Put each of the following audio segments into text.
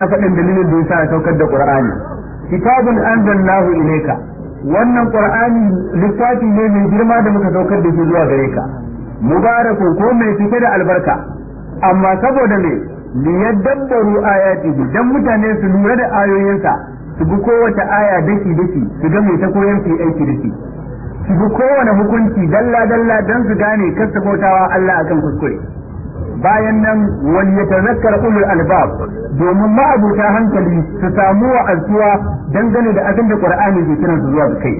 na faɗin dalilin da yasa a saukar da Qur'ani kitabun anzalallahu ilayka wannan Qur'ani littafi ne mai girma da muka saukar da shi zuwa gare ka mubarakun ko mai cike da albarka amma saboda me li ya ayatihi dan mutane su lura da ayoyinsa su bi kowace aya daki daki su ga mai ta koyar su aiki da su bi kowane hukunci dalla dalla dan su gane kotawa Allah akan kuskure bayan nan wani wal yatanakkar ulul albab domin ma'abuta hankali su samu wa'azuwa dangane da abin da qur'ani ke kiran su zuwa kai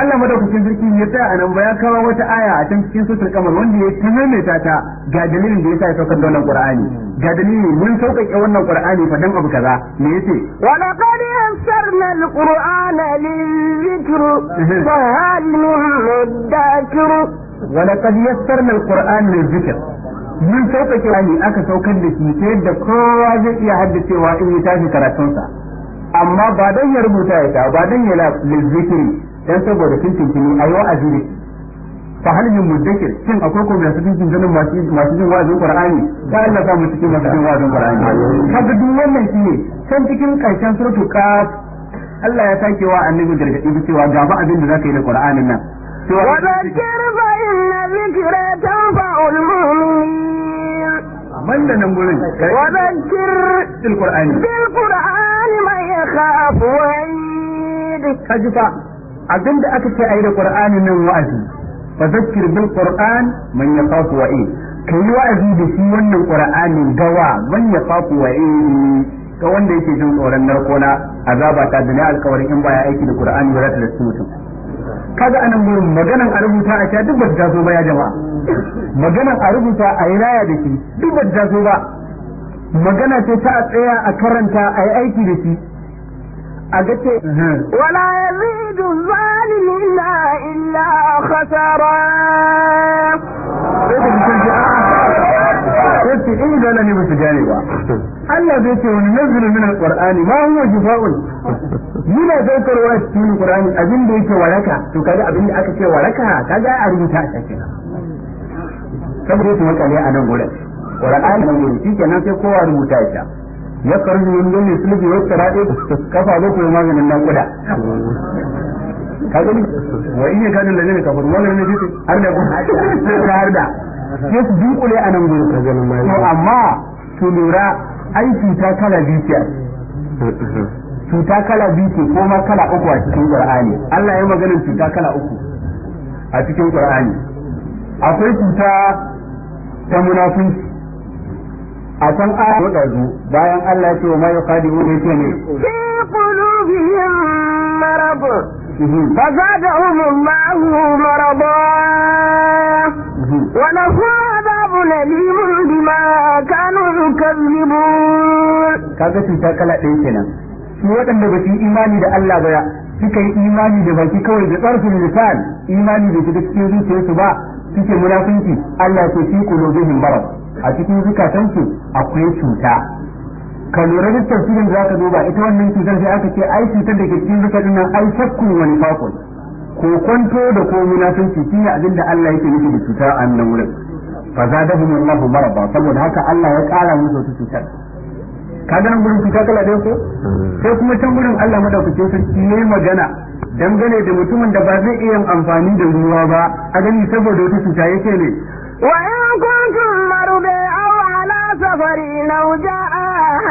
Allah madaukakin sarki ya tsaya a nan ba ya kawo wata aya a can cikin sutul kamar wanda ya ta maimaita ta ga dalilin da ya sa ya saukar da wannan Qur'ani ga dalilin mun sauƙaƙe wannan Qur'ani fa dan abu kaza me yace wa laqad yassarna al-Qur'ana lil-dhikr fa hal min mudakkir wa laqad yassarna al-Qur'ana mun sauƙaƙe wani aka saukar da shi ta yadda kowa zai iya haddacewa in ya tashi karatunsa amma ba don ya rubuta ya ta ba don ya lizikiri dan saboda tuntuntuni a yau azuri fa hal min mudakkir shin akwai ko masu tuntuntunin masu jin wa'azin qur'ani da Allah ta mu cikin masu jin wa'azin qur'ani kaga duk wannan shine can cikin karshen suratul qaf Allah ya sake wa annabi gargadi cewa ga ba abin da zaka yi da qur'anin nan wa dhakir fa inna dhikra tanfa'ul mu'minin banda nan gurin wa zakir bil qur'ani bil qur'ani man yakhafu wa'id kaji fa abinda aka ce ayi da qur'ani nan wa'azi fa zakir bil qur'an man yakhafu wa'id kai wa'azi da shi wannan qur'ani gawa man yakhafu wa'id ga wanda yake jin tsoron narkona azaba ta duniya alkawarin in baya aiki da qur'ani ba za ta da mutum kaga anan gurin maganan a rubuta a cikin duk ba ta zo ba ya jama maganan a rubuta a yi raya da shi duk ba ta zo ba magana ce ta tsaya a karanta a yi aiki da shi a ga ce wala yazidu zalimina illa khasara sai in eh, ne ba su gane ba Allah zai ce wani nazirin min ma huwa zaukarwa a cikin alqur'ani abin da yake waraka to kaga abin da aka ce waraka kaga a rubuta a cikin saboda yake a nan gurin shi kenan sai kowa rubuta shi ya karbi wa tsaraɗe kafa ba ku da ne kafin maganin ne har da har da sai su dunkule a nan gurin to amma su lura ai cuta kala biyu ce cuta kala biyu ce ko ma kala uku a cikin qur'ani Allah ya magana cuta kala uku a cikin qur'ani akwai cuta ta munafunci a can a zo bayan Allah ya ce wa ma yuqadiru ne ce ne fi qulubihim فزادهم الله مرضا ولهم عذاب أليم بما كانوا يكذبون kaga cuta kala ɗaya kenan su waɗanda ba su yi imani da Allah ba suka yi imani da baki kawai da tsarfin lisan imani da shiga cikin zuciyarsu ba suke munafunci Allah ke fi qulubihim marad a cikin zukatansu akwai cuta ka lura da tafsirin da zaka duba ita wannan cutar sai aka ce ai cutar da ke cikin zuka dinnan ai shakkun wani fakon ko kwanto da ko munafinci shine abin da Allah yake nufi da cuta a nan wurin fa zadahum Allahu maraba saboda haka Allah ya kara musu wata cutar ka ga nan gurin cuta kala da ko sai kuma can gurin Allah madaukakin sarki ne magana dangane da mutumin da ba zai iya amfani da ruwa ba a gani saboda wata cuta yake ne wa in kuntum marbe aw ala safari law ja'a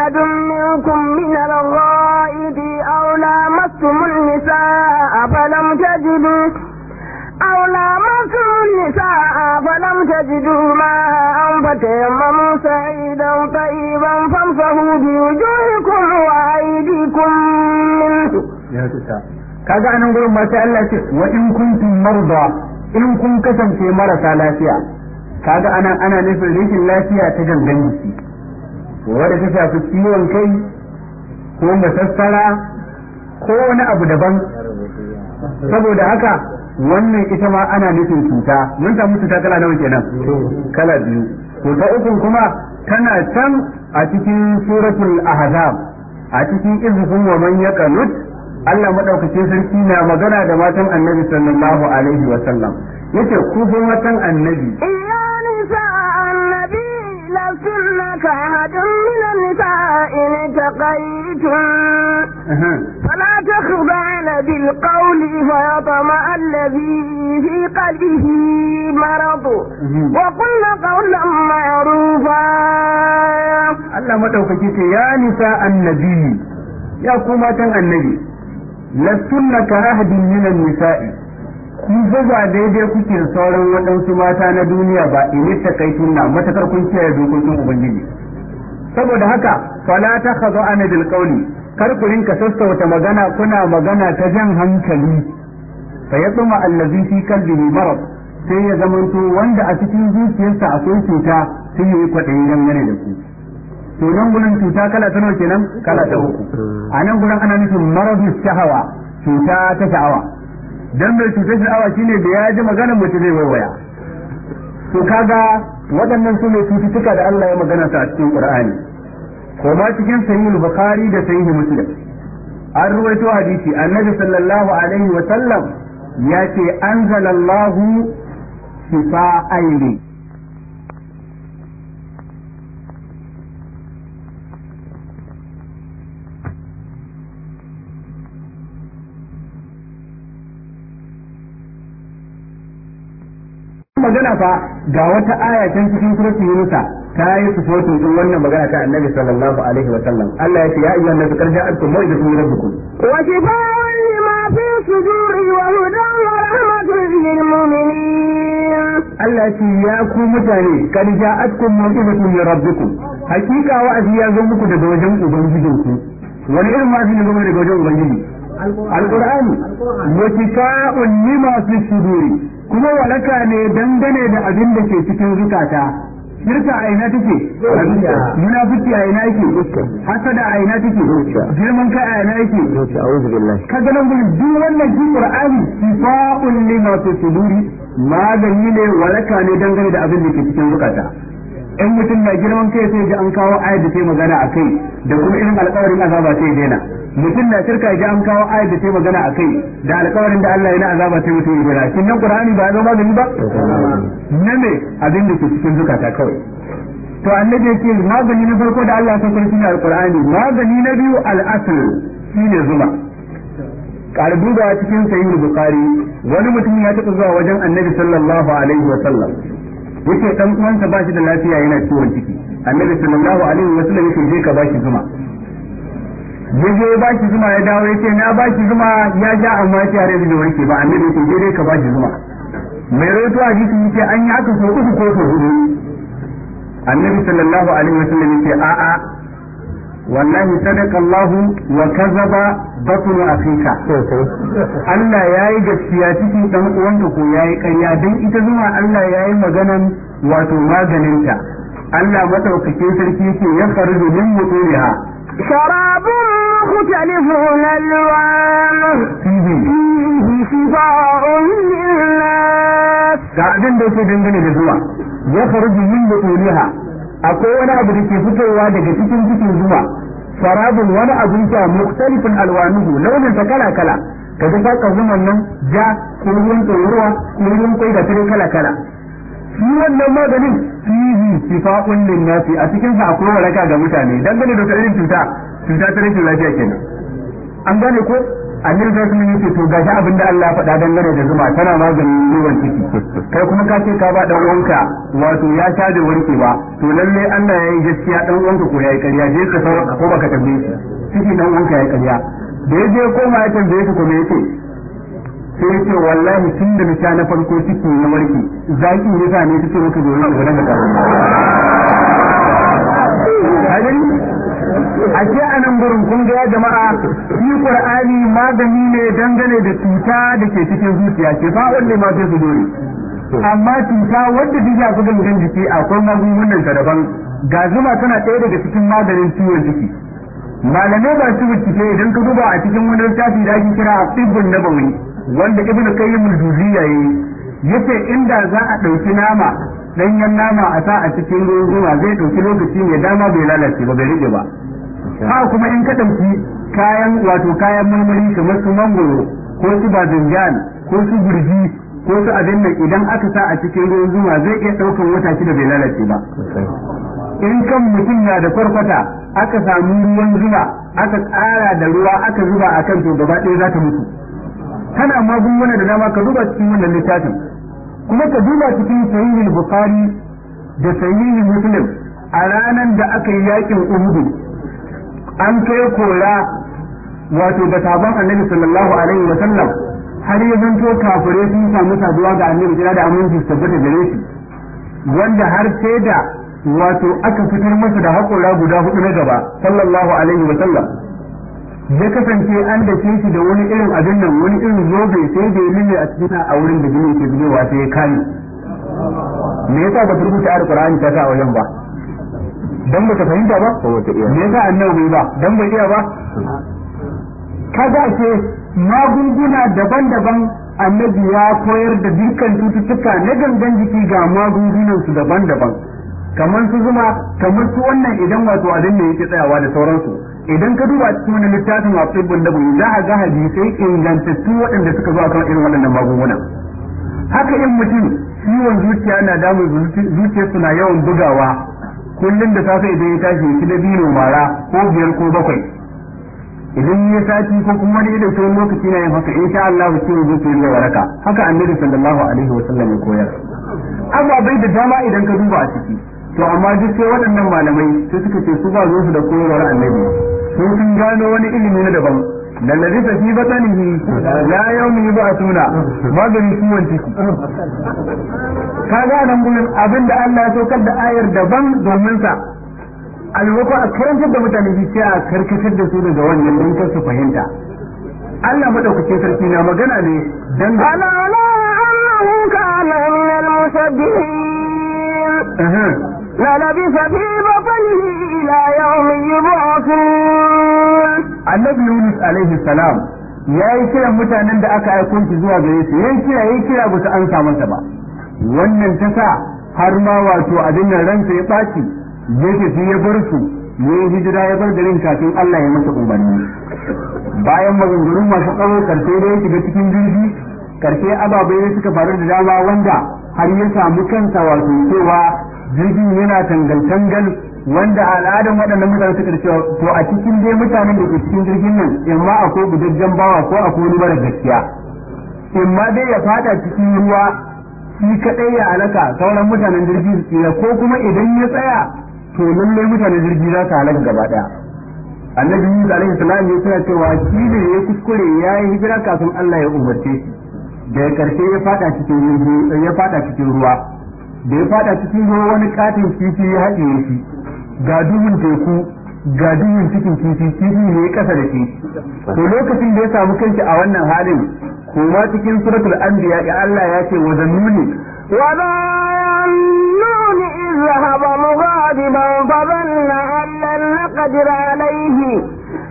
أحد منكم من الغائب أو لامستم النساء فلم تجدوا أو لامستم النساء فلم تجدوا ماء فتيمموا سعيدا طيبا فامسحوا بوجوهكم وأيديكم منه kaga anan gurin ma sai Allah ce wa in kuntum marda in kun kasance marasa lafiya kaga anan ana nufin rashin lafiya ta gangan jiki wadda ta shafi ciwon kai ko masassara ko wani abu daban saboda haka wannan ita ma ana nufin cuta mun samu cuta kala nawa kenan kala biyu to ta uku kuma tana can a cikin suratul ahzab a cikin izhum wa man nut Allah madaukakin sarki na magana da matan Annabi sallallahu alaihi wa sallam yace ku matan Annabi كأحد من النساء إن فلا تخضعن بالقول فيطمع الذي في قلبه مرض وقلن قولا معروفا الله مدوكي يا نساء النبي يا قومة النبي لستن كرهد من النساء kun fa ba daidai kuke sauran waɗansu mata na duniya ba in ta kai tunna matakar kun kiyaye dokokin ubangiji saboda haka fala ta khadu an bil qawli kar ku rinka sassauta magana kuna magana ta jan hankali fa yadma allazi fi qalbihi marad sai ya zamanto wanda a cikin zuciyarsa akwai cuta sai yi kwaɗayi dangane da ku to nan gurin cuta kala ta nawa kenan kala ta uku a nan gurin ana nufin maradu shahawa cuta ta sha'awa dan mai cutar sha'awa shine da ya ji maganar mutum zai waiwaya to kaga waɗannan su ne cututtuka da Allah ya magana su a cikin Qur'ani ko ma cikin sahihul bukhari da sahihul muslim an ruwaito hadisi annabi sallallahu alaihi wa sallam ya ce anzalallahu shifa'aini magana fa ga wata aya can cikin suratul Yunus ta yi supporting din wannan magana ta Annabi sallallahu alaihi wa sallam Allah ya ce ya ayyuhan nasu qad ja'akum maw'idatun min rabbikum wa shifaa'un lima fi suduri wa hudan wa rahmatun lil mu'minin Allah ya ce ya ku mutane qad ja'akum maw'idatun min rabbikum hakika wa'azi ya zo muku daga wajen ubangijinku wani irin wa'azi ne daga wajen ubangiji القرآن وشفاء لما في الصدور kuma walaka ne dangane da abin da ke cikin zukata shirka a ina take munafiki a ina yake hasada a ina take girman kai a ina yake ka ga nan gurin duk wannan shi qur'ani sifaun lima fi suduri magani ne walaka ne dangane da abin da ke cikin zukata in mutum mai girman kai sai ji an kawo ayat da sai magana a kai da kuma irin alƙawarin azaba sai daina mutum na shirka ya an kawo ayat da ta magana a kai da alƙawarin da Allah ya na azaba sai mutum ya shin nan Qur'ani ba a zo magani ba na ne abin da ke cikin zukata kawai to annabi yake magani na farko da Allah ya saukar shi alƙur'ani magani na biyu al-asl shine zuma karbu da cikin sahih bukhari wani mutum ya taɓa zuwa wajen annabi sallallahu alaihi wa sallam yace dan uwansa ba shi da lafiya yana ciwon ciki annabi sallallahu alaihi wa sallam yake je ka bashi zuma ya je ba shi zuma ya dawo ya ce na ba shi zuma ya ja amma ya ce har yanzu warke ba annabi ya ce dai ka ba shi zuma mai rawaito a jikin yake an yi haka so uku ko so hudu annabi sallallahu alaihi wasallam yake a a wallahi sadaka Allah wa kazaba batnu Afirka. Allah yayi gaskiya cikin dan uwanka ko yayi kanya dan ita zuma Allah yayi maganan wato maganinta Allah madaukakin sarki yake ya faru min mutuniha sharabun مختلف ألوانه فيه da zuwa, قاعدين بيكي دنجني لزوا يخرج من بطولها akwai wani abu da ke fitowa daga cikin cikin zuwa farabin wani abin sha muktalifin alwanuhu launin ta kala kala kaga sakar zuman nan ja ko ruwan tsoruwa ko ruwan kwai da tare kala kala shi wannan maganin fihi shifa'un lin nasi a cikin sa akwai walaka ga mutane dangane da irin cuta cuta ta rashin lafiya kenan an gane ko annabi sai kuma yace to gashi abin da Allah faɗa dangane da zuma tana maganin ruwan ciki kai kuma ka ce ka ba dan uwanka wato ya sha da wanke ba to lalle Allah ya yi gaskiya dan uwanka ko ya yi ƙarya je ka sauka ko baka tambaye shi ciki dan uwanka yi ƙarya da yaje koma ya tambaye shi kuma ce sai ce wallahi tun da na na farko ciki na warke zaki ne sa ne ce maka zo na gudan da jama'a shi qur'ani magani ne dangane da cuta da ke cikin zuciya ke fa wanda ma sai su dore amma cuta wanda take a cikin gan jiki akwai magungunan ta daban ga zuma tana ɗaya daga cikin maganin ciwon jiki malamai masu bincike idan ka duba a cikin wani littafi da ake kira tibbun nabawi wanda ibnu kayyim al-juziyya yi yace inda za a ɗauki nama danyen nama a sa a cikin ruwa zai ɗauki lokaci mai dama bai lalace ba bai rige ba ha kuma in ka ɗauki kayan wato kayan marmari kamar su mangoro ko su bazinjan ko su gurji ko su abin nan idan aka sa a cikin ruwan zuma zai iya ɗaukan wata shida bai lalace ba in kan mutum na da kwarkwata aka samu ruwan zuma aka tsara da ruwa aka zuba a kan to gaba ɗaya za ta mutu kana magunguna da dama ka zuba cikin wannan littafin kuma ka duba cikin sahihul bukhari da sahihul muslim a ranar da aka yi yakin uhudu an kai kora wato da sabon annabi sallallahu alaihi wa sallam har ya zanto kafure sun samu saduwa ga annabi jira da aminci su tabbata gare shi wanda har sai da wato aka fitar masa da haƙora guda hudu na gaba sallallahu alaihi wa sallam ya kasance an da shi da wani irin abin nan wani irin zobe sai da ya a cikin a wurin da jini ke zubewa sai ya kame me yasa ba rubuta alqur'ani ta ta wajen ba dan ba ta fahimta ba me yasa annabi ba dan bai iya ba kaga ce magunguna daban-daban annabi ya koyar da dukkan cututtuka na gangan jiki ga magungunansu su daban-daban kamar su zuma kamar su wannan idan wato a danne yake tsayawa da sauransu idan ka duba cikin wani littafin a tsibbin nabawi za a ga hadisai ingantattu waɗanda suka zo akan irin waɗannan magunguna haka in mutum ciwon zuciya na damun zuciya suna yawan bugawa kullum da safe idan ya tashi ya ci dabino mara ko biyar ko bakwai idan ya sati ko kuma wani irin sai lokaci na yin haka insha Allah ciwo zai ke yi waraka haka annabi sallallahu alaihi wa sallam ya koyar Amma bai da dama idan ka duba a ciki to amma duk sai waɗannan malamai sai suka ce su ba zo su da koyarwar annabi sun sun gano wani ilimi na daban da ba ta fi batanihi la yawmi yub'atuna maganin ciwon ciki ga nan gurin abinda Allah ya saukar da ayar daban domin sa a a karantar da mutane su sai a karkatar da su daga wannan don kar su fahimta Allah madaukakin sarki na magana ne dan da ala ala annahu kana min musabbihin la labisa fi batnihi ila yawm yub'athun annabi Yunus alaihi salam yayi kiran mutanen da aka aikunci zuwa gare su yayi kira yayi kira gusa an ansa masa ba wannan ta sa har ma wato abin nan ransa ya baci yake ya bar su ne hijira ya bar garin kafin Allah ya masa umarni bayan maganganun masu tsawo karfe da ya shiga cikin jirgi karfe ababe ne suka faru da dama wanda har ya samu kansa wato cewa jirgin yana tangal-tangal wanda al'adan waɗannan mutane suka cewa to a cikin dai mutanen da ke cikin jirgin nan in ma akwai gudajjen bawa ko akwai wani mara gaskiya in ma dai ya fada cikin ruwa shi kaɗai ya alaka sauran mutanen jirgin ya ko kuma idan ya tsaya to lalle mutane jirgi za su halaka gaba daya annabi Musa alaihi salam ya tsaya cewa shi ne ya kuskure ya yi hijira kafin Allah ya umarce shi da ya karshe ya fada cikin ya fada cikin ruwa da ya fada cikin ruwa wani katin kifi ya haɗe shi ga duhun teku ga duhun cikin kifi kifi ne ya kasa da shi to lokacin da ya samu kanki a wannan halin kuma cikin suratul anbiya Allah ya ce wa nuni. wa ذهب مغاضبا فظن أن لن نقدر عليه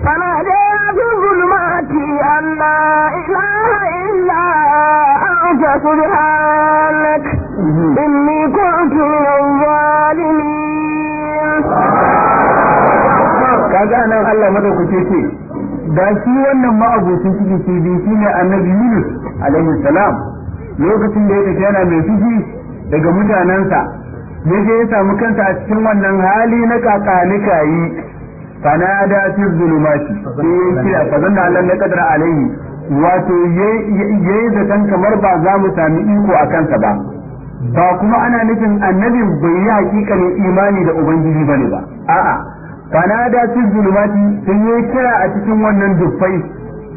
فنادى في الظلمات أن لا إله إلا أنت سبحانك إني كنت من الظالمين kaga anan Allah madaukake ce da shi wannan ma'abocin ciki ce bi shine annabi Yunus alaihi salam lokacin da ya tafi yana mai fiji daga mutanensa yake ya samu kansa a cikin wannan hali na kakanika yi fana da fi zulumati sai ya kira Allah na kadara alaihi wato ya yayi zaton kamar ba za mu sami iko a kansa ba ba kuma ana nufin annabi bai yi ne imani da ubangiji ba ne ba a'a fana da fi zulumati sun yi kira a cikin wannan dufai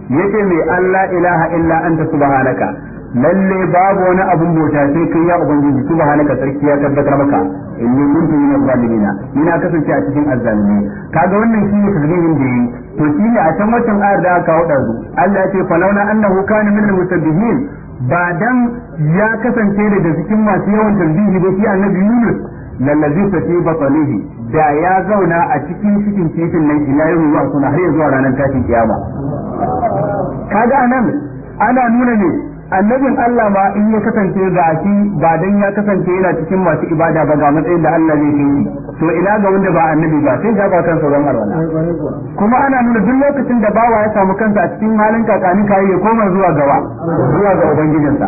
yake mai Allah ilaha illa anta subhanaka lalle babu wani abun bauta sai kai ya ubangiji halaka sarki ya tabbatar maka inni kuntu min zalimina ni ina kasance a cikin azzalimi kaga wannan shi ne tafsirin da yi to ne a can watan ayar da aka hauda zu Allah ya ce falauna annahu kana min al-musabbihin ba dan ya kasance da cikin masu yawan tasbihi da shi annabi Yunus lallazi fi batalihi da ya zauna a cikin cikin kifin nan ila yau zuwa suna har zuwa ranar tashin kiyama kaga anan ana nuna ne annabin Allah ma in ya kasance ga shi ba dan ya kasance yana cikin masu ibada ba ga matsayin da Allah zai yi to ina ga wanda ba annabi ba sai ga kansa sauran arwana kuma ana nuna duk lokacin da bawa ya samu kansa a cikin halin kakanin kai ya koma zuwa gawa zuwa ga ubangijinsa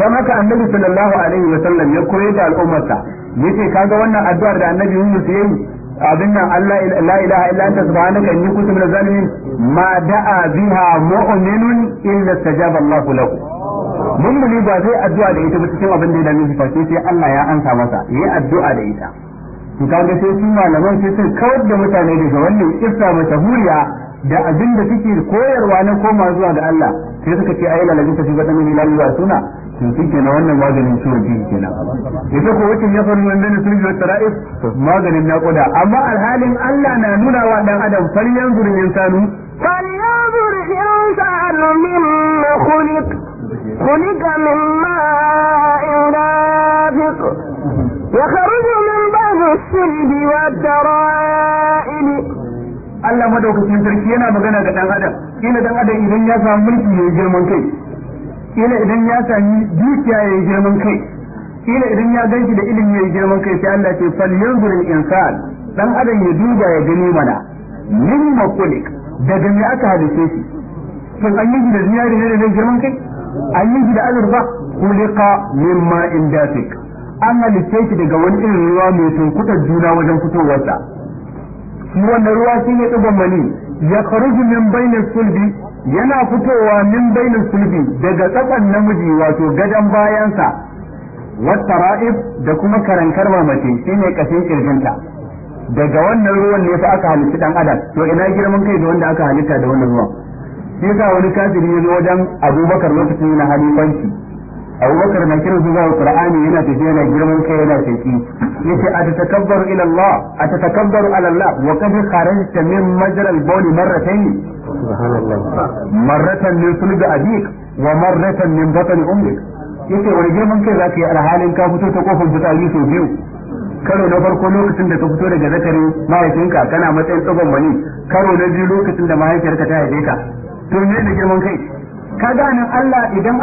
dan haka annabi sallallahu alaihi wa sallam ya koyar da al'ummarsa yace kaga wannan addu'ar da annabi Yunus yayi abin nan Allah la ilaha illa anta subhanaka inni kuntu minaz zalimin ma da'a biha mu'minun illa tajaba Allahu lahu mummuni ba zai addu'a da ita ba cikin abin da ya dame shi sai Allah ya ansa masa yayi addu'a da ita to kaga sai su malaman sai sun kawar da mutane daga wannan kissa mashahuriya da abin da suke koyarwa na koma zuwa ga Allah sai suka ce ayi lalabin tafi gadan min lalu wa suna to kike na wannan maganin ciwon jiki kenan ita ko wacin ya faru wanda ne sun jiwa to maganin naƙuda amma alhalin Allah na nuna wa dan adam falyan zurin insanu falyan zurin insanu mimma khuliq خلق من ماء دافق يخرج من بعض السلب والدرائب Allah madaukakin sarki yana magana ga dan adam kila dan adam idan ya samu mulki ya girman kai kila idan ya sami dukiya ya girman kai kila idan ya ganki da ilimi ya girman kai sai Allah ce fal yanzur al insan dan adam ya duba ya gani mana min makulik daga me aka halice shi kin an yi da duniya da ne da girman kai an yi shi da azurfa kulika min ma'in dafik an halitta shi daga wani irin ruwa mai tunkutar juna wajen fitowarsa shi wannan ruwa shi ne ɗigon mani ya kharuju min bainar sulbi yana fitowa min bainar sulbi daga tsakan namiji wato gadon bayansa wata ra'ib da kuma karankar mamace shi ne ƙashin ƙirjinta daga wannan ruwan ne fa aka halitta ɗan adam to ina girman kai da wanda aka halitta da wannan ruwan sai sa wani kafiri ya zo wajen abubakar lokacin yana halifanci abubakar na kiran zuwa qur'ani yana tafiya yana girman kai yana tafi yace atatakabbaru ila allah atatakabbaru ala allah wa qad kharajta min majra al-bawl marratayn subhanallah marratan min sulb abik wa marratan min batn ummik yace wani girman kai zaka yi alhalin ka fito ta kofin fitsari sau biyu karo na farko lokacin da ka fito daga zakarin mahaifinka kana matsayin tsogon wani karo na biyu lokacin da mahaifiyarka ta haife ka to ne da girman kai ka gane Allah idan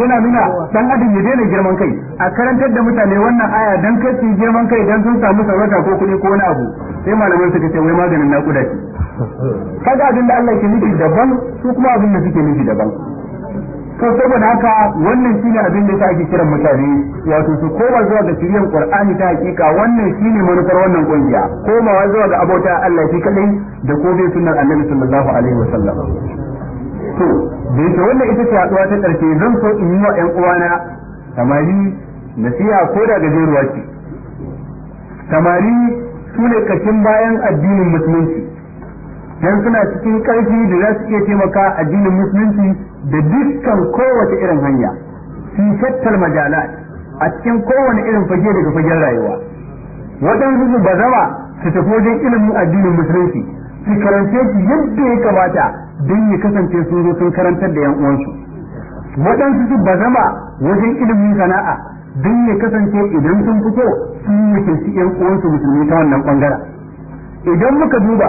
yana nuna dan adam ya daina girman kai a karantar da mutane wannan aya dan kai su girman kai dan sun samu sarauta ko kuɗi ko wani abu sai malamai suka ce wai maganin naƙuda ce ga abin da Allah ke nufi daban su kuma abin da suke nufi daban to saboda haka wannan shine abin da yake kiran mutane wato su koma zuwa ga shiryan Qur'ani ta hakika wannan shine manufar wannan kungiya komawa zuwa ga abota Allah shi kadai da kobe sunnar Annabi sallallahu alaihi wasallam to da yake wannan ita ce haɗuwa ta ƙarshe zan so in yi wa yan uwana samari nasiha ko da gajeruwa ce samari su ne kashin bayan addinin musulunci dan suna cikin ƙarfi da za su iya taimaka addinin musulunci da dukkan kowace irin hanya su shattar majala a cikin kowane irin fage daga fagen rayuwa waɗansu su bazawa su tafi wajen ilimin addinin musulunci su karance shi yadda ya kamata don ya kasance sun zo sun karantar da yan uwansu waɗansu su ba zama wajen ilimin sana'a don ya kasance idan sun fito sun yi wakilci yan uwansu musulmi ta wannan bangaren idan muka duba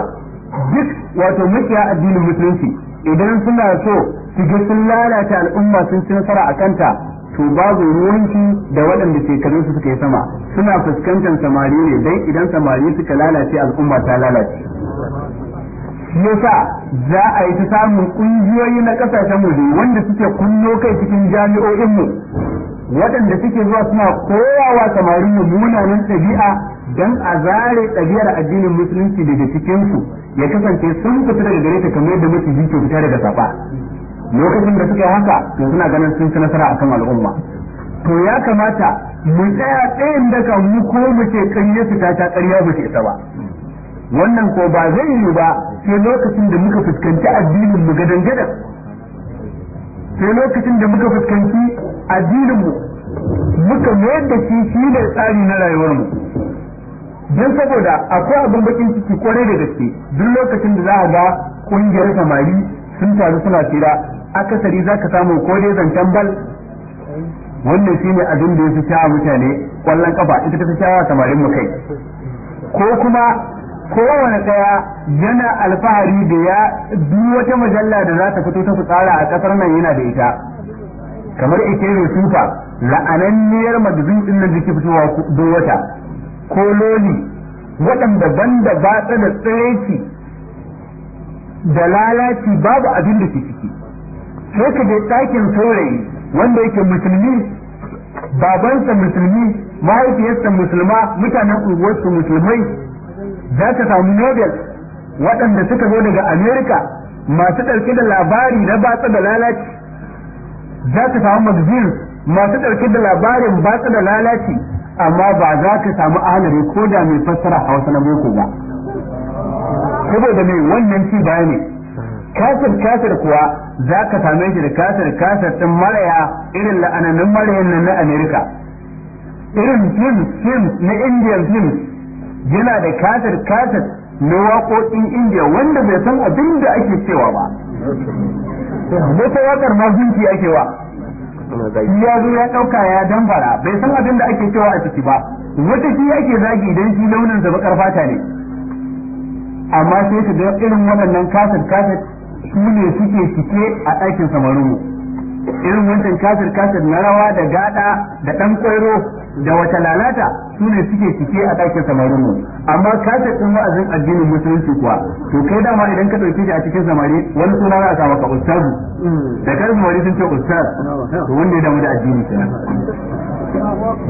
duk wato mukiya addinin musulunci idan suna so su ga sun lalata al'umma sun ci nasara a kanta to babu ruwanki da waɗanda shekarun su suka yi sama suna fuskantar samari ne dai idan samari suka lalace al'umma ta lalace yasa za a yi ta samun ƙungiyoyi na kasashen waje wanda suke kunno kai cikin jami'o'inmu waɗanda suke zuwa suna koyawa samari munanan ɗabi'a dan a zare ɗabi'ar addinin musulunci daga cikin su ya kasance sun fita daga gare ta kamar yadda mace ke fita daga safa lokacin da suke haka to suna ganin sun ci nasara akan al'umma to ya kamata mu tsaya tsayin daga mu ko mu ce kanye su ta ta ƙarya ba ta isa ba wannan ko ba zai yi ba sai lokacin da muka fuskanci addinin mu gadan gadan sai lokacin da muka fuskanci addinin mu muka mayar da shi shi ne tsari na rayuwar mu don saboda akwai abin bakin ciki kwarai da gaske duk lokacin da za a ga kungiyar samari sun taru suna tsira akasari za ka samu ko dai zancen bal wannan shine abin da ya fi mutane kwallon kafa ita ta fi samarin mu kai ko kuma kowane daya yana alfahari da ya duk wata majalla da za ta fito ta tsara a kasar nan yana da ita kamar ikere tufa la'ananniyar magazin din nan da fitowa duk wata ko loli waɗanda banda ba da tsireci da lalaci babu abin da ke ciki sai ka je ɗakin saurayi wanda yake musulmi babansa musulmi mahaifiyarsa musulma mutanen unguwarsu musulmai za ka samu nobel waɗanda suka zo daga Amerika masu ɗauke da labari na batsa da lalaci za ka samu magazin masu ɗauke da labarin batsa da lalaci amma ba za ka samu ahalari ko da mai fassara hausa na boko ba saboda mai wannan ci baya ne kasar kasar kuwa za ka same shi da kasar kasar ɗin maraya irin la'ananin marayan nan na Amerika, irin films films na Indiyan films yana da katar katar na waƙoƙin indiya wanda bai san abin da ake cewa ba wata waƙar ma ake wa ya zo ya ɗauka ya damfara bai san abin da ake cewa a ciki ba wata shi ake zagi idan shi launin da baƙar fata ne amma sai ka ga irin waɗannan katar katar su ne suke cike a ɗakin samarinmu irin wancan kafir kafir na rawa da gada da dan kwairo da wata lalata su ne suke cike a ɗakin samarin mu amma kafir din wa'azin addinin musulunci kuwa to kai dama idan ka ɗauki shi a cikin samari wani suna za a sa maka ustazu da kar wani sun ce ustaz to wanda ya damu da addini kenan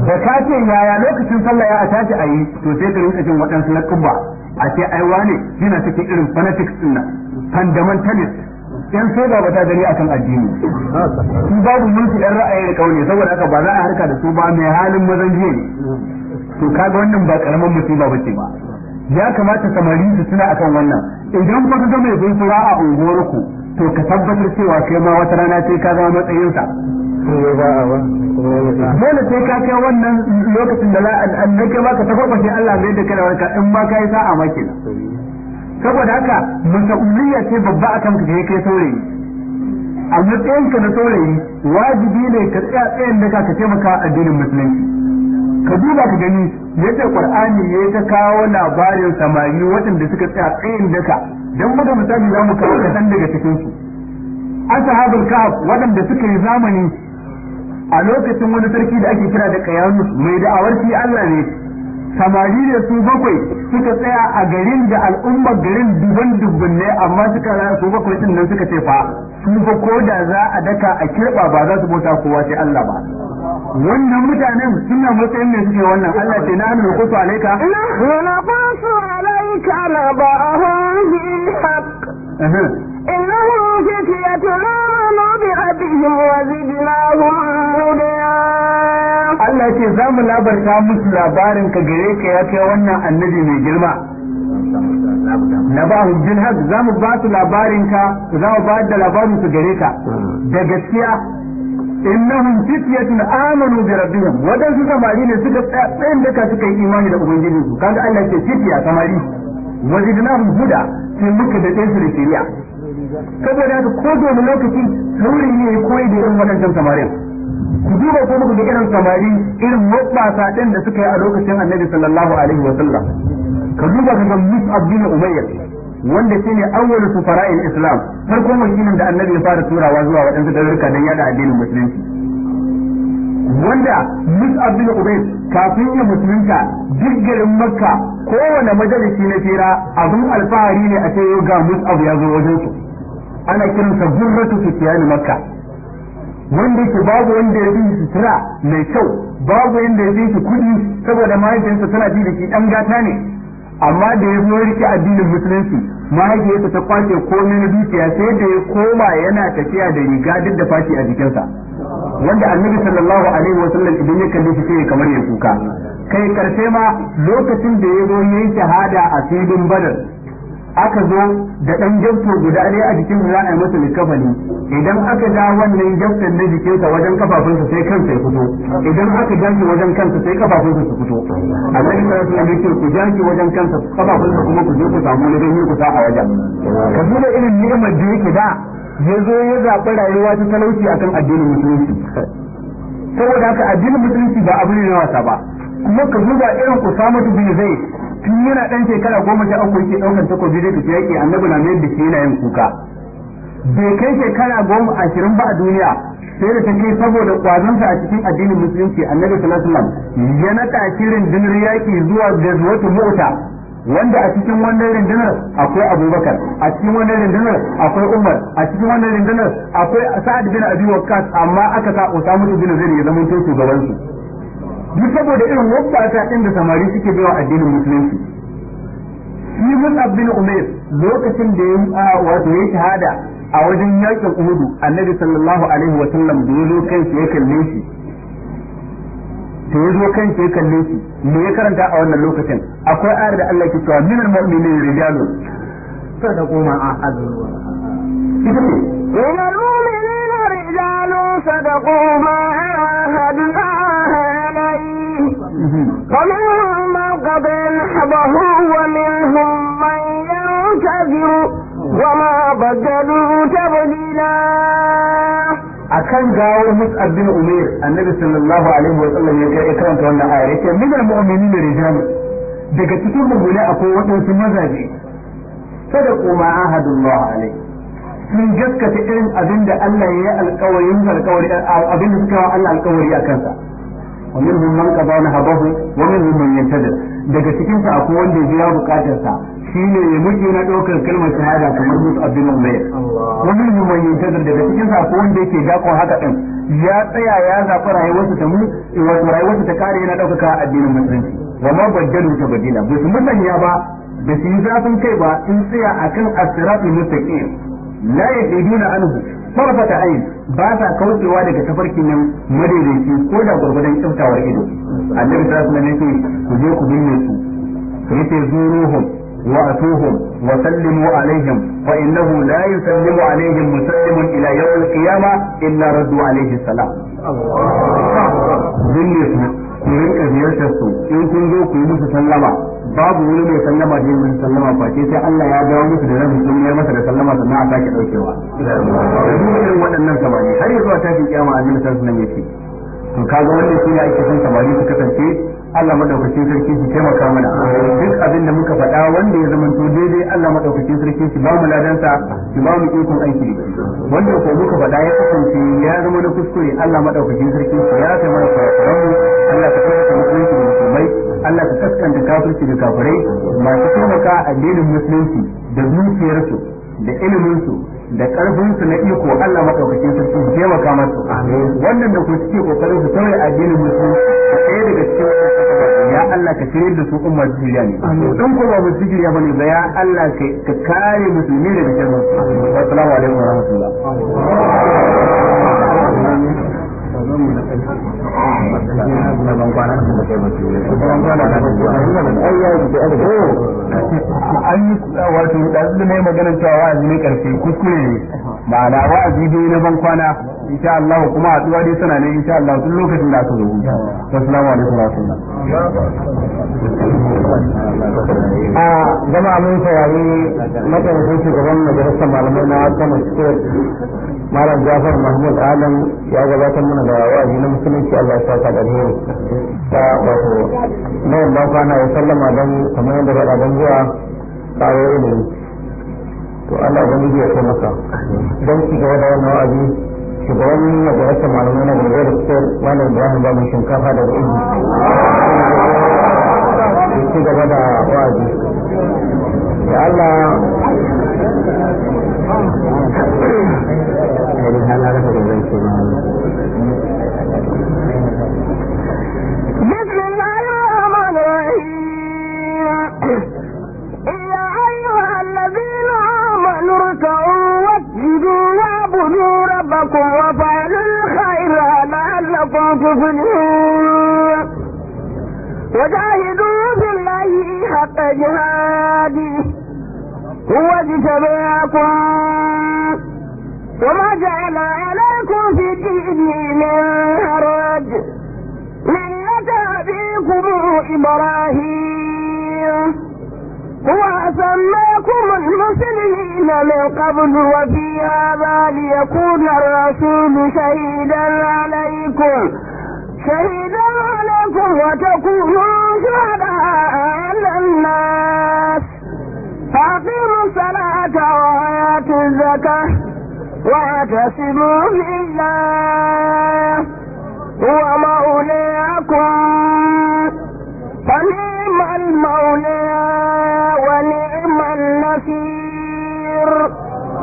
da ka yaya lokacin sallah ya a tashi a yi to sai ka rinka jin waɗansu laƙuba a ce ai wane yana cikin irin fanatics din nan fundamentalist yan soja ba ta gani akan addini su babu mulki yan da kaune saboda haka ba za a harka da su ba mai halin mazan jiya ne to kaga wannan ba karaman musiba bace ba ya kamata samari su tuna akan wannan idan ba ka ga mai guntura a unguwarku to ka tabbatar cewa kai ma wata rana sai ka zama matsayinsa dole sai ka kai wannan lokacin da za a annake ba ka tafafa sai Allah zai da kana in ma ka yi sa'a makina saboda haka mas'uliyya ce babba akan ka kai saurayi a matsayinka na saurayi wajibi ne ka tsaya tsayin da ka taimaka addinin musulunci ka duba ka gani yadda qur'ani ya ta kawo labarin samari waɗanda suka tsaya tsayin daka dan muka misali za mu kawo san daga cikin su ashabul kahf waɗanda suka yi zamani a lokacin wani sarki da ake kira da qayanus mai da'awar fi Allah ne samari da su bakwai suka tsaya a garin da al'ummar garin dubban ne amma suka rana su bakwai din nan suka ce fa su ba ko da za a daka a kirba ba za su bauta kowa sai Allah ba wannan mutanen suna matsayin ne suke wannan Allah ce na amina kusa alaika na kusa alaika na ba'ahun bil haqq innahum fitiyatun amanu bi rabbihim wa zidnahum Allah ce za mu labarta musu labarin ka gare ka ya kai wannan annabi mai girma na ba hujjin haq za mu ba su labarin ka za mu ba da labarin su gare ka da gaskiya innahum fityatun amanu bi rabbihim su samari ne suka tsayin da suka yi imani da ubangiji su kaga Allah ya ce fitya samari wajidnahum huda sai muka da su da shari'a saboda ko da lokaci sauri ne koyi da irin wadannan samarin ku duba ko muku ga irin samari irin mutbasa din da suka yi a lokacin annabi sallallahu alaihi wa sallam ka duba ka ga Mus'ab bin Umayyah wanda shine awwalu sufara'il Islam farko wakilin da annabi ya fara turawa zuwa waɗansu darurruka dan yada addinin musulunci wanda Mus'ab bin Umayyah kafin ya musulunta duk Makka kowane majalisi na fira abin alfahari ne a ce yau ga Mus'ab ya zo wajen su ana kiransa gurratu fitiyan Makka wanda yake babu wanda ya bi sutura mai kyau babu yanda ya bi shi kudi saboda mahaifiyarsa tana ji da shi dan gata ne amma da ya zo rike addinin musulunci mahaifiyarsa ta kwace komai na dukiya sai da ya koma yana tafiya da riga duk da fashi a jikinsa wanda annabi sallallahu alaihi wa sallam idan ya kalli shi sai kamar ya kuka kai karshe ma lokacin da ya zo yayin shahada a filin badar aka zo da ɗan jabto guda ɗaya a jikin za a yi masa likafani idan aka ja wannan jabtan na jikinsa wajen kafafunsa sai kansa ya fito idan aka ja wajen kansa sai kafafunsa su fito annabi sallallahu alaihi wasallam ku ja wajen kansa kafafunsa kuma ku je ku samu wani ganye ku sa a wajen ka duba irin ni'imar da yake da ya zo ya zaɓi rayuwa ta talauci akan addinin musulunci saboda haka addinin musulunci ba abu ne na wasa ba kuma duba irin samu bin zai tun yana dan shekara goma sha uku yake daukan takobi zai tafi yaki annabi na mayar da yana yin kuka bai kai shekara goma ashirin ba a duniya sai da ta kai saboda kwazonsa a cikin addinin musulunci annabi sallallahu alaihi ya naka shirin dinar yaki zuwa gazwatu mu'ta wanda a cikin wannan rindunar akwai abubakar a cikin wannan rundunar akwai umar a cikin wannan rundunar akwai sa'ad bin abi waqqas amma aka sa usamu bin zaid ya zama to gaban su duk saboda irin wabba ta din da samari suke baiwa addinin musulunci shi Mus'ab bin Umair lokacin da ya wato ya shahada a wajen yakin Uhud Annabi sallallahu alaihi wa sallam da yazo kai shi ya kalle shi to yazo kan shi ya kalle shi me ya karanta a wannan lokacin akwai ayar da Allah ke cewa minal mu'minina Rijalu. sadaqu ma ahadullah ita ce sadaqu ma ومنهم من قد انحبه ومنهم من ينتظر وما بدلوا تبديلا أكان جاءوا مسعد بن أمير النبي صلى الله عليه وسلم يجي إكرام تولى آية من المؤمنين الرجال دقة تكون مغلاء قوة في مزاجي صدقوا ما عهد الله عليه من جسكة إن أبن ده ألا يا ينزل القوي أبن ده ألا القوي يا كذا ومنهم من قضى نهضه ومنهم من ينتظر man daga cikin sa akwai wanda ya biya bukatar sa shine ya muke na daukar kalmar shahada kamar Musa Abdul Umayr wa minhum man yantadir daga cikin sa akwai wanda yake dakon haka din ya tsaya ya zaɓi rayuwarsa ta mu wato rayuwarsa ta kare yana daukaka addinin musulunci wa ma baddalu tabdila bisu musanya ba da su yi zafin kai ba in tsaya akan as-siratul mustaqim la yadiduna anhu farfata ayin ba sa kaucewa daga tafarki nan madaidaici ko da gurgudan kyautawar ido annabi sallallahu alaihi wasallam yace ku je ku binne su yace zuruhum wa atuhum wa sallimu alaihim fa innahu la yusallimu alaihim musallimun ila yawm al-qiyama illa raddu alaihi salam binne ziyartar su in zo ku yi musu sallama babu wani mai sallama da yin sallama face sai Allah ya dawo musu da rabin sun masa da sallama sannan a sake daukewa irin waɗannan samari har yanzu a tashin kiyama annabi sallallahu nan wasallam to kaga wannan ake son samari su kasance Allah madaukakin sarki shi taimaka mana duk abin da muka faɗa wanda ya zama to daidai Allah madaukakin sarki shi ba mu ladansa shi ba mu ikon aiki wanda ko muka faɗa ya kasance ya zama na kuskure Allah madaukakin sarki shi ya kai mana fara Allah ka tabbata mu kuma musulmai Allah ka kafirci da kafirai masu taimaka addinin musulunci da zuciyarsu da iliminsu da ƙarfinsu na iko Allah maɗaukacin sarki ya taimaka masu wannan da ku suke kokarin su tauye addinin musulunci a ɗaya daga cikin ya Allah ka shirye da su umma jiriya ne don ko ba musu bane ba ya Allah ka kare musulmi daga sharri assalamu alaikum wa rahmatullah da yi an yi wato ɗazu da na yi maganar cewa wa'azi ne ƙarfi kuskure ne ma'ana wa'azi dai na ban kwana insha Allah kuma a tsuwa dai suna ne insha Allah tun lokacin da aka zo assalamu alaikum wa rahmatullah a jama'a mun saurari mataimakin shugaban majalisar malamai na kama state malam jafar mahmud Adam ya gabatar mana da wa'azi na musulunci allah ya saka da alheri ta wato na wanda kwana ya sallama don kamar yadda faɗa don zuwa ƙaro ilimi to allah ya gani ya taimaka don ci gaba da wannan wa'azi shugaban majalisar malamai na gaba da kusur malam ibrahim ba mai shinkafa daga izu ya ci gaba da wa'azi ya allah الذي هذا ذكر البيت بسم الله الرحمن الرحيم يا أيها الذين آمنوا اركعوا واسجدوا واعبدوا ربكم وفعلوا الخير لعلكم تفلحون وجاهدوا في الله حق جهاده هو اجتباكم وما جعل عليكم في الدين من حرج من أبيكم إبراهيم هو سماكم المسلمين من قبل وفي هذا ليكون الرسول شهيدا عليكم شهيدا عليكم وتكونوا شهداء على الناس فأقيموا الصلاة وآتوا الزكاة واعتصموا بالله هو مولاكم فنعم المولى ونعم النصير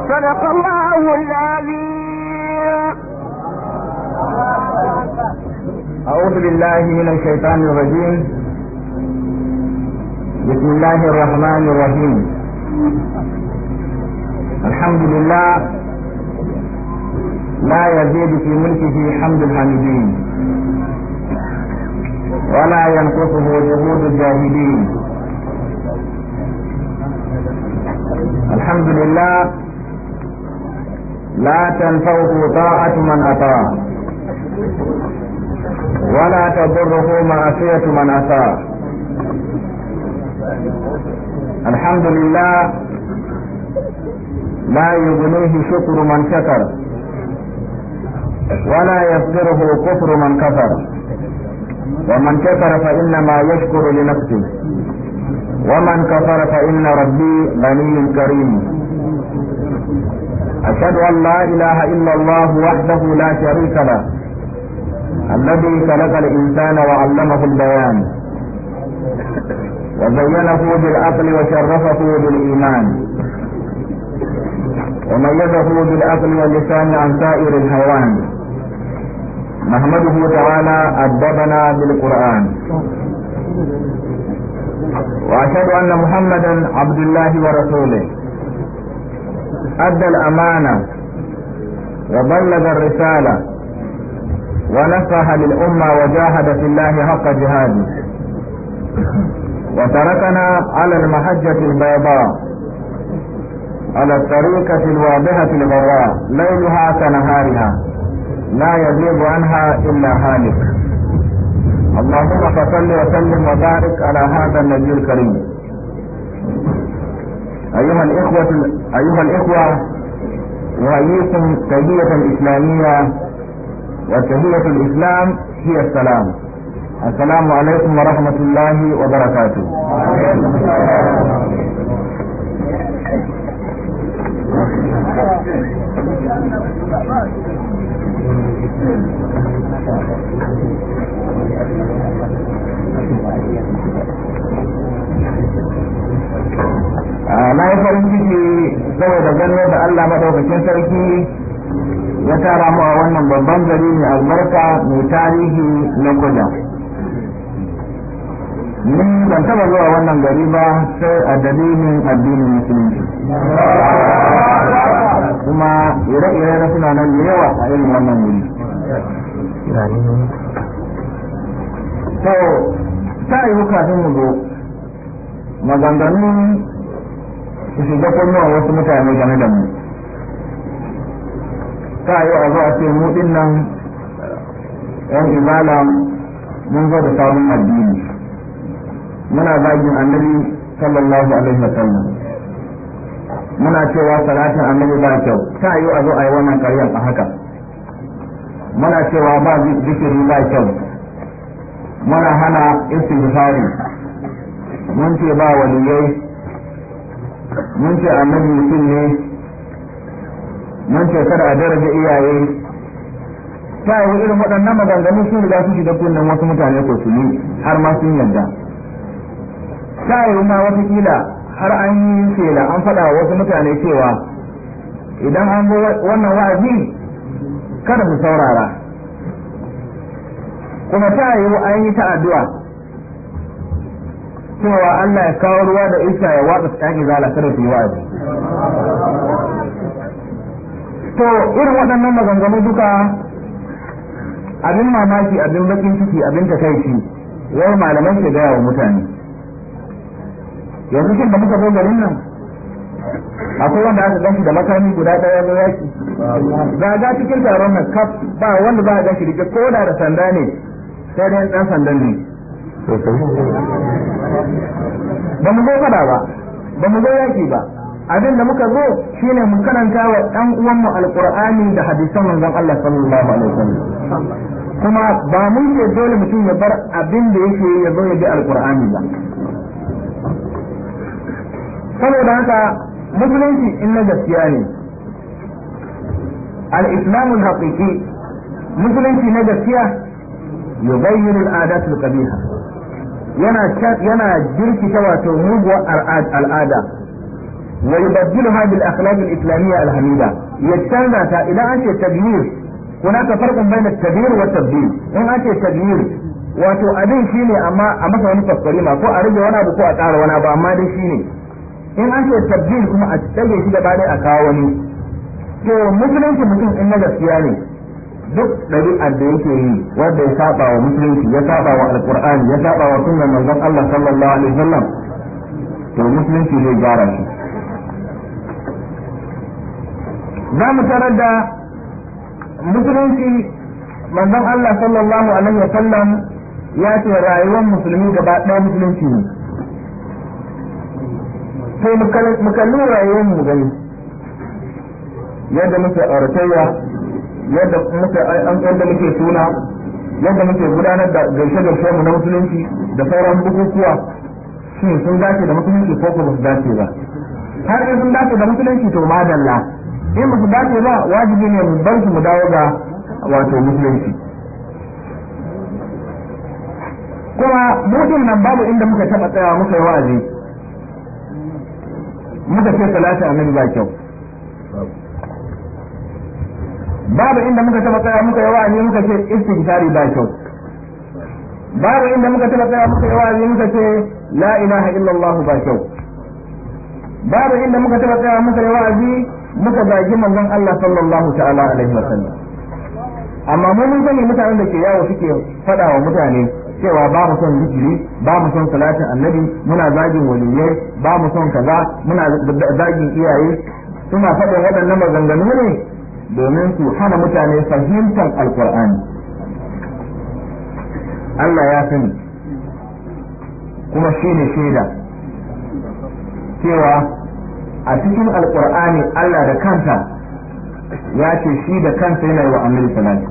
صدق الله العظيم أعوذ بالله من الشيطان الرجيم بسم الله الرحمن الرحيم الحمد لله لا يزيد في ملكه حمد الحامدين ولا ينقصه جهود الجاهدين الحمد لله لا تنفعه طاعة من أطاع ولا تضره معصية من أطاع الحمد لله لا يغنيه شكر من شكر ولا يصدره كفر من كفر ومن كفر فإنما يشكر لنفسه ومن كفر فإن ربي غني كريم أشهد أن لا إله إلا الله وحده لا شريك له الذي خلق الإنسان وعلمه البيان وزينه بالعقل وشرفه بالإيمان وميزه بالعقل واللسان عن سائر الحيوان نحمده تعالى أدبنا بالقرآن وأشهد أن محمدا عبد الله ورسوله أدى الأمانة وبلغ الرسالة ونصح للأمة وجاهد في الله حق جهاده وتركنا على المحجة البيضاء على الطريقة الواضحة الغراء ليلها كنهارها لا يزيد عنها إلا هالك اللهم فصل وسلم وبارك على هذا النبي الكريم أيها الإخوة أيها الإخوة أهيئكم تهية إسلامية وتهية الإسلام هي السلام السلام عليكم ورحمة الله وبركاته na yi farin ciki saboda ganin da Allah madaukakin sarki ya tara mu a wannan babban gari mai albarka mai tarihi na kuda ni ban taba zuwa wannan gari ba sai a dalilin addinin musulunci kuma ire-ire na suna nan da yawa a irin wannan wuri to ta yi bukatun mu zo maganganun su shiga kunnuwan wasu mutane game da mu ta yi a zuwa ce mu din nan yan izala mun zo da sabon addini muna zagin annabi sallallahu alaihi wa sallam muna cewa salatin annabi ba kyau ta yi a zo a yi wannan karyan a haka muna cewa ba zikiri ba kyau muna hana istighfari mun ce ba waliyai mun ce annabi mutum ne mun ce kada a daraja iyaye ta yi irin waɗannan maganganu sun riga su shiga kunnen wasu mutane ko su har ma sun yarda ta yi ma watakila har an yi shela an faɗa wa wasu mutane cewa idan an bi wannan wa'azi kada su saurara kuma ta yi an yi ta addu'a cewa Allah ya kawo ruwa da iska ya watsa tsaki zala kada su yi wa'azi to irin waɗannan maganganu duka abin mamaki abin bakin ciki abin takaici yau malaman ke gaya wa mutane yanzu shi da muka zo garin nan akwai wanda aka ganshi da makami guda daya na yaki ba ga cikin taron nan kaf ba wanda za a shi rike ko da da sanda ne sai dai ɗan sandan ne ba mu zo fada ba ba mu zo yaki ba abin da muka zo shine mu karanta wa ɗan uwanmu alƙur'ani da hadisan manzon Allah sallallahu alaihi wasallam kuma ba mun ke dole mutum ya bar abin da yake ya zo ya bi alƙur'ani ba saboda haka musulunci in na gaskiya ne al-islamu haqiqi musulunci na gaskiya yubayyin al-adat al-qabiha yana yana jirkita wato muguwar al'ada wa yubaddiluha bil akhlaq al-islamiyya al-hamida ya canza ta idan an ce tabyir هناك فرق بين التغيير والتبديل in ake tagyir wato abin shine amma a masa wani tafsiri ma ko a rage wani abu ko a tsara wani abu amma dai shine in an ce tabdil kuma a tsage shi gaba ɗaya a kawo wani to musulunci mutum in na gaskiya ne duk ɗari'ar da yake yi wanda ya saba wa musulunci ya saba wa alƙur'ani ya saba wa sunan manzon Allah sallallahu alaihi wasallam to musulunci zai gyara shi za mu tarar da musulunci manzon Allah sallallahu alaihi wasallam ya ce rayuwar musulmi gaba ɗaya musulunci ne sai mu kalli rayuwar mu gani yadda muke auratayya yadda muke yadda muke suna yadda muke gudanar da gaishe-gaishe mu na musulunci da sauran bukukuwa shin sun dace da musulunci ko ba su dace ba har in sun dace da musulunci to madalla in ba su dace ba wajibi ne mu bar su mu dawo ga wato musulunci kuma mutum nan babu inda muka taɓa tsayawa muka yi wa'azi muka ce a nabi ba kyau babu inda muka taba tsaya muka yawa ne muka ce istighfari ba kyau babu inda muka taba tsaya muka yawa ne muka ce la ilaha illallah ba kyau babu inda muka taba tsaya muka yawa ne muka zagi manzon Allah sallallahu ta'ala alaihi wasallam amma mun sani mutanen da ke yawo suke fada wa mutane cewa ba mu son zikiri ba mu son salatin annabi muna zagin waliyai ba mu son kaza muna zagin iyaye suna faɗin waɗannan maganganu ne domin su hana mutane fahimtar alkur'ani Allah ya sani kuma shi ne shaida cewa a cikin alkur'ani Allah da kanta ya ce shi da kansa yana yi wa annabi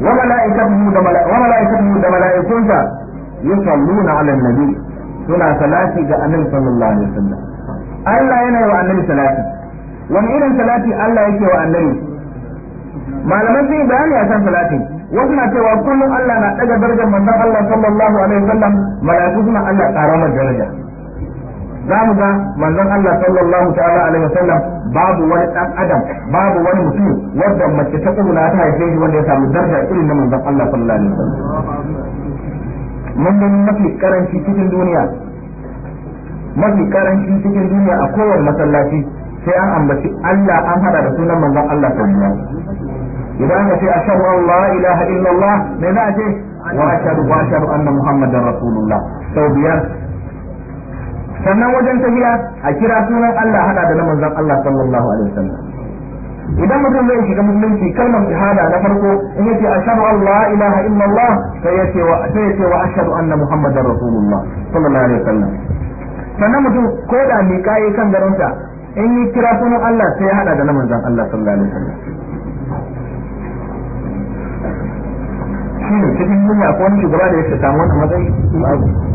wa mala'ikatuhu da wa mala'ikatuhu da mala'ikunsa yusalluna 'ala nabi suna salati ga annabi sallallahu alaihi wasallam Allah yana yi wa annabi salati wani irin salati Allah yake wa annabi malaman sun yi bayani a kan salatin wasu na cewa kullum Allah na daga darajar manzon Allah sallallahu alaihi wasallam mala'iku suna Allah tsara ƙara daraja za mu ga manzon Allah sallallahu ta'ala alaihi wasallam babu wani dan adam babu wani mutum wanda mace ta kuma ta haife shi wanda ya samu daraja irin na manzon Allah sallallahu alaihi wasallam mun ga mafi karanci cikin duniya mafi karanci cikin duniya a kowane masallaci sai an ambaci Allah an hada da sunan manzon Allah sallallahu alaihi wasallam idan ka ce ashhadu an la ilaha illallah me za a ce wa ashhadu wa ashhadu anna muhammadar rasulullah sau biyar sannan wajen tafiya a kira sunan Allah hada da na manzon Allah sallallahu alaihi wasallam idan mutum zai shiga musulunci kalmar shahada na farko in yace ashhadu an la ilaha illallah sai yace wa sai yace wa ashhadu anna muhammadar rasulullah sallallahu alaihi wasallam sannan mutum ko da miƙaye kan garinsa in yi kira sunan Allah sai ya hada da na manzon Allah sallallahu alaihi wasallam shi ne cikin duniya ko wani shugaba da ya samu wani matsayi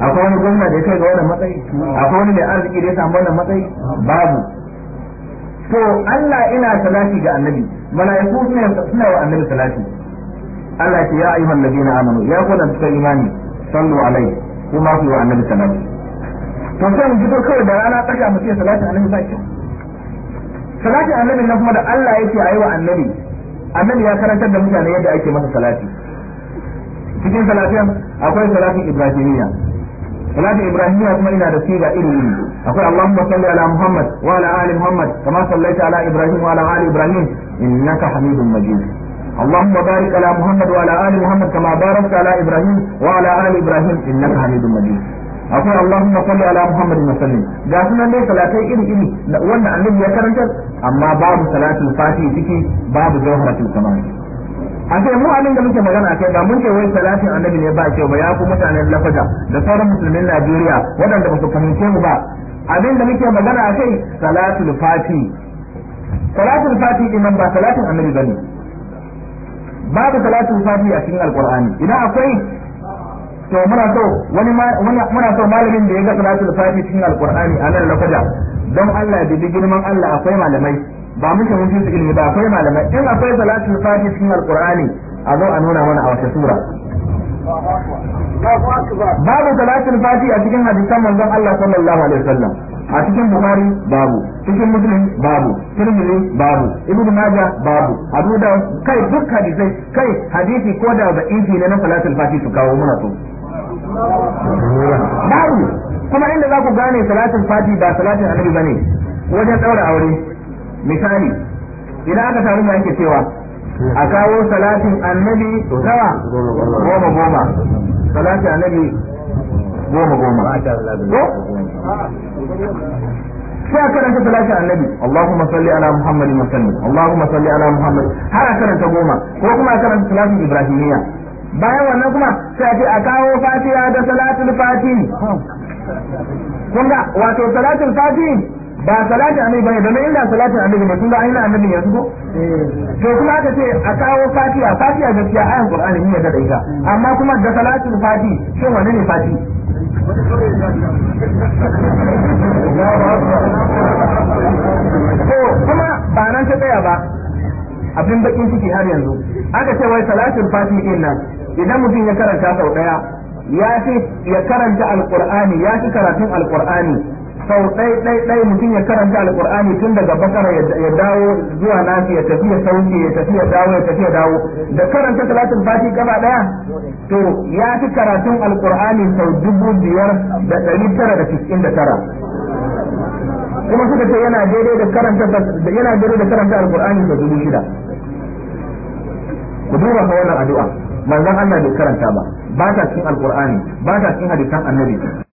akwai wani gwamna da ya kai ga wannan matsayi akwai wani mai arziki da ya samu wannan matsayi babu to Allah ina salati ga annabi mala'iku suna wa annabi salati Allah ce ya ayyuhan ladina amanu ya ku da suka imani sallu alaihi kuma ku wa annabi salati to sai mu fito kawai da rana tsaka mu ce salati annabi sai salati annabi nan kuma da Allah yake yi wa annabi annabi ya karantar da mutane yadda ake masa salati cikin salatiyan akwai salatin ibrahimiyya salatin ibrahimiyya kuma ina da siga iri iri akwai allahumma salli ala muhammad wa ali muhammad kama sallaita ala ibrahim wa ali ibrahim hamidun اللهم بارك على محمد وعلى ال محمد كما باركت على ابراهيم وعلى ال ابراهيم انك حميد مجيد akwai Allahumma salli ala Muhammadin wa sallim ga sunan salatai iri iri wanda annabi ya karanta amma babu salatul fatihi babu jawharatul a ce mu abin da muke magana kai ba mun ce wai salatin annabi ne ba ce ba ya ku mutanen lafaza da sauran musulmin Najeriya waɗanda ba su fahimce mu ba abin da muke magana a kai salatul fati salatul fati imam ba salatin annabi bane babu salatul fati a cikin alqur'ani idan akwai to muna so wani muna so malamin da ya ga salatul fati cikin alqur'ani a nan lafaza don Allah da girman Allah akwai malamai ba muke mun fi ilimi ba akwai malamai in akwai salatul fati cikin alqur'ani a zo a nuna mana a wata sura babu salatul fati a cikin hadisan manzon Allah sallallahu alaihi wasallam a cikin buhari babu cikin muslim babu tirmidhi babu ibnu majah babu abu da kai duk hadisai kai hadisi ko da ba inji ne na salatul fati su kawo mana su babu kuma inda za ku gane salatul fati ba salatin annabi bane wajen daura aure misali idan aka taru ma yake cewa a kawo salatin annabi nawa goma goma salatin annabi goma goma ko sai a karanta salatin annabi Allahumma salli ala Muhammadin wa sallim Allahumma salli ala Muhammad har a karanta goma ko kuma a karanta salatin Ibrahimiyya bayan wannan kuma sai a ce a kawo fatiha da salatin fatihi kun ga wato salatin fatihi ba salatin annabi bane domin inda salatin annabi ne kun ga ainihin annabi yanzu ko eh. to kuma aka ce a kawo fatiha fatiha gaskiya ayan qur'ani ne da ita amma kuma da salatin fati shin wani ne fati to kuma ba nan ta tsaya ba abin bakin ciki har yanzu aka ce wai salatin fati din nan idan mutum ya karanta sau daya ya ce ya karanta alqur'ani ya ci karatun alqur'ani sau ɗai ɗai ɗai mutum ya karanta Alƙur'ani tun daga bakara ya dawo zuwa nafi ya tafi ya sauke ya tafi ya dawo ya tafi ya dawo da karanta talatin fati gaba ɗaya to ya fi karatun Alƙur'ani sau dubu biyar da ɗari tara da cikin da tara kuma suka ce yana daidai da karanta yana daidai da karanta alkur'ani sau dubu shida ku duba ka wannan addu'a manzon Allah bai karanta ba ba ta cikin Alƙur'ani ba ta cikin hadisan annabi